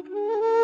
Mm-hmm.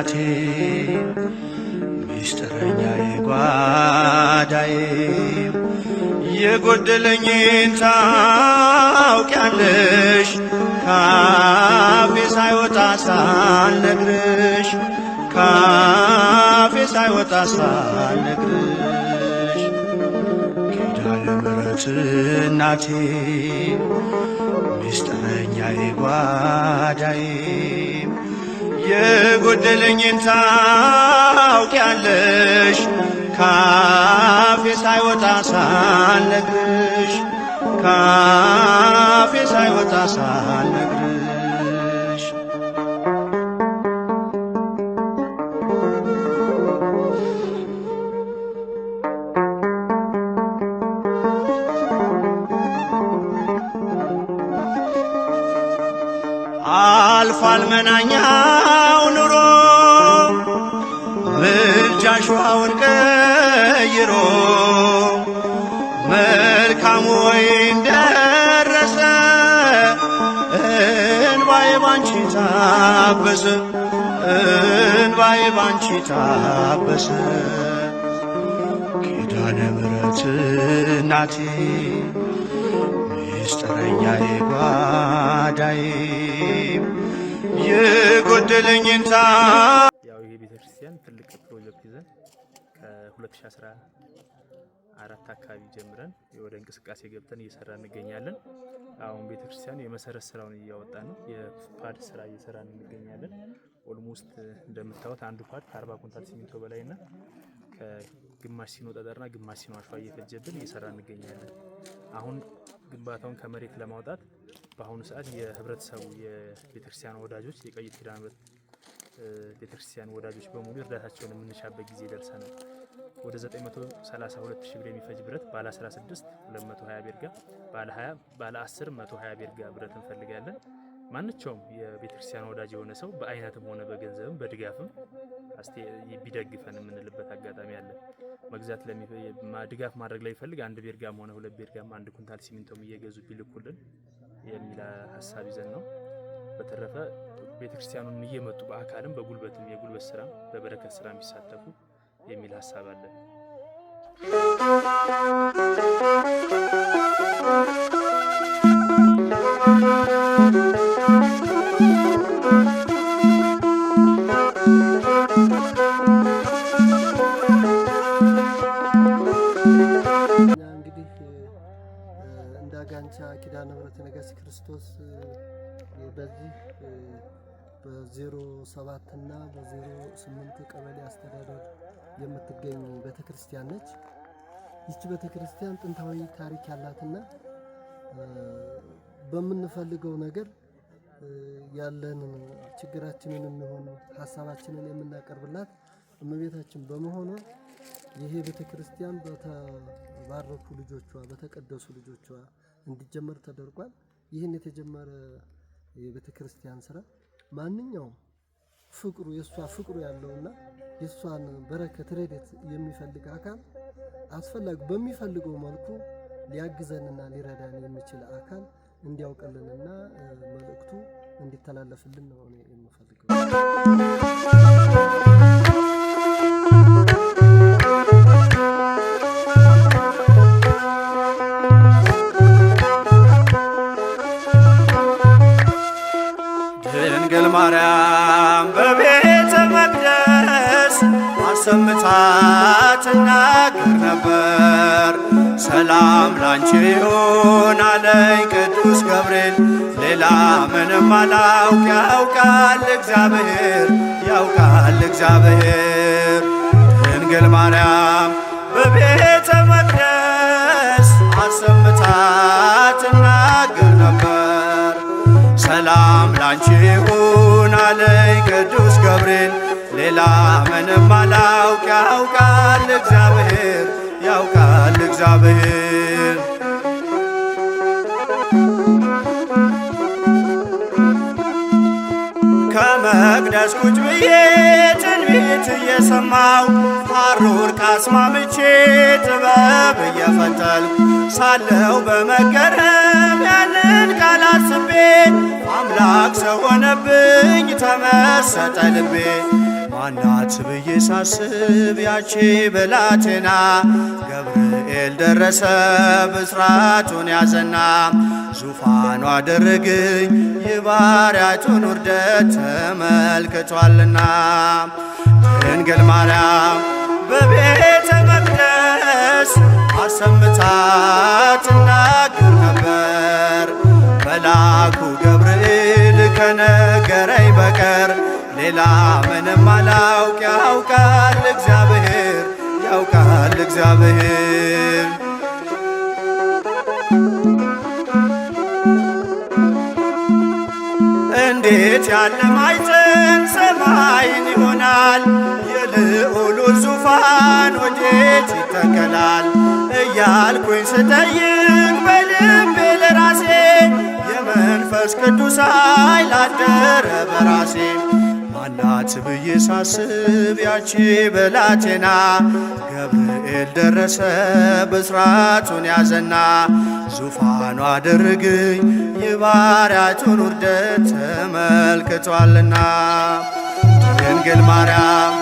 እናቴ ሚስጥረኛ የጓዳዬ የጎደለኝን ታውቂያለሽ ካፌ ሳይወጣ ሳልነግርሽ ካፌ ሳይወጣ ሳልነግርሽ ኪዳነ ምሕረት እናቴ ሚስጥረኛ የጓዳዬ የጎደለኝን ታውቂያለሽ ካፌ ሳይወጣ ሳልነግርሽ ካፌ ሳይወጣ ሳልነግርሽ አልፏል መናኛው ኑሮ ምልጃ ሸዋውን ቀይሮ መልካሙ ወይን ደረሰ እንባዬ ባንቺ ታበሰ እንባዬ ባንቺ ታበሰ ኪዳነ ምሕረት እናቴ ምስጢረኛዬ ጓዳዬ የጎደለኝን ያው ይሄ ቤተ ክርስቲያን ትልቅ ፕሮጀክት ይዘን ከ2014 አካባቢ ጀምረን ወደ እንቅስቃሴ ገብተን እየሰራ እንገኛለን። አሁን ቤተክርስቲያን የመሰረት ስራውን እያወጣ ነው። የፓድ ስራ እየሰራ እንገኛለን። ኦልሞስት እንደምታዩት አንዱ ፓድ ከ ኩንታል ሲሚንቶ በላይ እና ከግማሽ ሲኖ ጠጠርና ግማሽ ሲኖ አሸዋ እየፈጀብን እየሰራ እንገኛለን። አሁን ግንባታውን ከመሬት ለማውጣት በአሁኑ ሰዓት የህብረተሰቡ የቤተክርስቲያን ወዳጆች የቀይት ኪዳን ምሕረት ቤተክርስቲያን ወዳጆች በሙሉ እርዳታቸውን የምንሻበት ጊዜ ደርሰናል። ወደ 932 ሺህ ብር የሚፈጅ ብረት ባለ 16 220 ቤርጋ ባለ 20 ባለ 10 120 ቤርጋ ብረት እንፈልጋለን። ማንቸውም የቤተክርስቲያን ወዳጅ የሆነ ሰው በአይነትም ሆነ በገንዘብም በድጋፍም ቢደግፈን የምንልበት አጋጣሚ አለ። መግዛት ድጋፍ ማድረግ ላይ ይፈልግ አንድ ቤርጋም ሆነ ሁለት ቤርጋም አንድ ኩንታል ሲሚንቶም እየገዙ ቢልኩልን የሚል ሀሳብ ይዘን ነው። በተረፈ ቤተክርስቲያኑን እየመጡ በአካልም በጉልበትም የጉልበት ስራ በበረከት ስራ የሚሳተፉ የሚል ሀሳብ አለ። የአንቻ ኪዳነ ምሕረት ነገሥት ክርስቶስ በዚህ በ07 እና በ08 ቀበሌ አስተዳደር የምትገኝ ቤተክርስቲያን ነች። ይቺ ቤተክርስቲያን ጥንታዊ ታሪክ ያላትና በምንፈልገው ነገር ያለንን ችግራችንን የሚሆኑ ሀሳባችንን የምናቀርብላት እመቤታችን በመሆኗ ይሄ ቤተክርስቲያን በተባረኩ ልጆቿ በተቀደሱ ልጆቿ እንዲጀመር ተደርጓል። ይህን የተጀመረ የቤተ ክርስቲያን ስራ ማንኛውም ፍቅሩ የእሷ ፍቅሩ ያለውና የእሷን በረከት ረድኤት የሚፈልግ አካል አስፈላጊ በሚፈልገው መልኩ ሊያግዘንና ሊረዳን የሚችል አካል እንዲያውቅልንና መልእክቱ እንዲተላለፍልን ነው የምፈልገው። ትናገር ነበር። ሰላም ላንቺ ይሁን አለኝ ቅዱስ ገብርኤል። ሌላ ምንም አላውቅ ያውቃል እግዚአብሔር ያውቃል እግዚአብሔር። ድንግል ማርያም በቤተ መቅደስ አሰምታ ትናገር ነበር። ሰላም ላንቺ ይሁን አለኝ ቅዱስ ገብርኤል ሌላ ምንም አላውቅ ያውቃል እግዚአብሔር ያውቃል እግዚአብሔር ከመቅደስ ቁጭ ብዬ ትንቢት እየሰማው ሐሩር ቃስማምቼ ጥበብ እየፈተልኩ ሳለው በመገረም ያንን ቃል አስቤ አምላክ ሰው ሆነብኝ ተመሰጠ ልቤ ማናት ብዬ ሳስብ ያቺ ብላቴና ገብርኤል ደረሰ ብስራቱን ያዘና ዙፋኑ አደረገኝ የባሪያቱን ውርደት ተመልክቷልና ድንግል ማርያም በቤተ መቅደስ አሰምታ ትናገር ነበር መልአኩ ገብርኤል ከነ ሌላ ምንም አላውቅ ያውቃል እግዚአብሔር ያውቃል እግዚአብሔር እንዴት ያለ ማይፀን ሰማይን ይሆናል የልዑሉ ዙፋን ወዴት ይተከላል እያልኩኝ ስጠይቅ በልቤ ለራሴ የመንፈስ ቅዱስ ኃይል አደረ በራሴ ማናት ብዬ ሳስብ ያቺ ብላቴና ገብርኤል ደረሰ ብስራቱን ያዘና ዙፋኑ አድርግኝ የባሪያቱን ውርደት ተመልክቷልና ድንግል ማርያም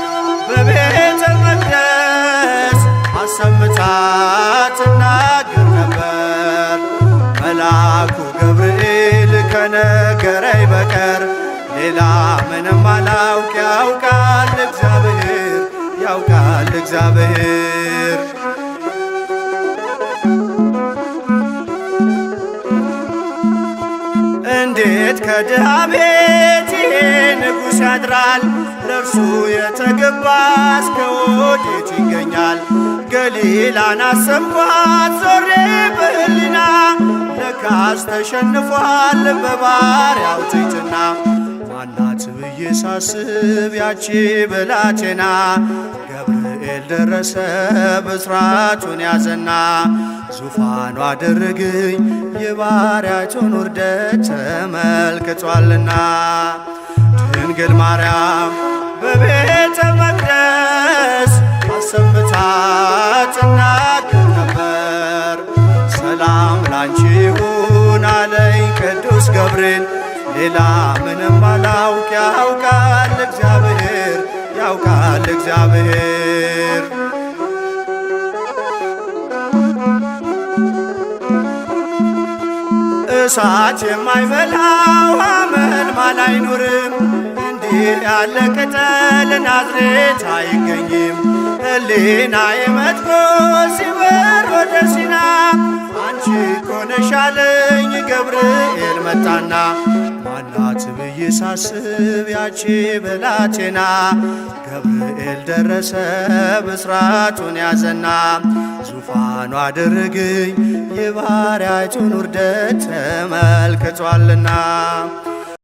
በቤተ መቅደስ አሰምታ ትናገር ነበር መልአኩ ገብርኤል ከነገረ ሌላ ምንም አላውቅ ያውቃል እግዚአብሔር ያውቃል እግዚአብሔር እንዴት ከድሃ ቤት ይሄ ንጉሥ ያድራል ለእርሱ የተገባ እስከ ወዴት ይገኛል ገሊላን አሰብኳት ዞሬ በህሊና ለካስ ተሸንፏል በባሪያው ትሕትና አላት ብዬ ሳስብ ያቺ ብላቴና ገብርኤል ደረሰ ብስራቱን ያዘና ዙፋኑ አደረግኝ የባሪያቱን ውርደት ተመልክቷልና ድንግል ማርያም በቤተ መቅደስ አሰምታ ትናገር ነበር። ሰላም ላንቺ ይሁን አለኝ ቅዱስ ገብርኤል ሌላ ምንም አላውቅ ያውቃል እግዚአብሔር ያውቃል እግዚአብሔር እሳት የማይበላው አመልማል አይኖርም። እንዲህ ያለ ቅጠል ናዝሬት አይገኝም። እሌና የመጥቆ ሲበር ወደ ሲና አንቺ ኮነሻለኝ ገብርኤል መጣና ሳስብ ያቺ ብላቴና ገብርኤል ደረሰ ብስራቱን ያዘና ዙፋኑ አድርግኝ የባሪያቱን ውርደት ተመልክቷልና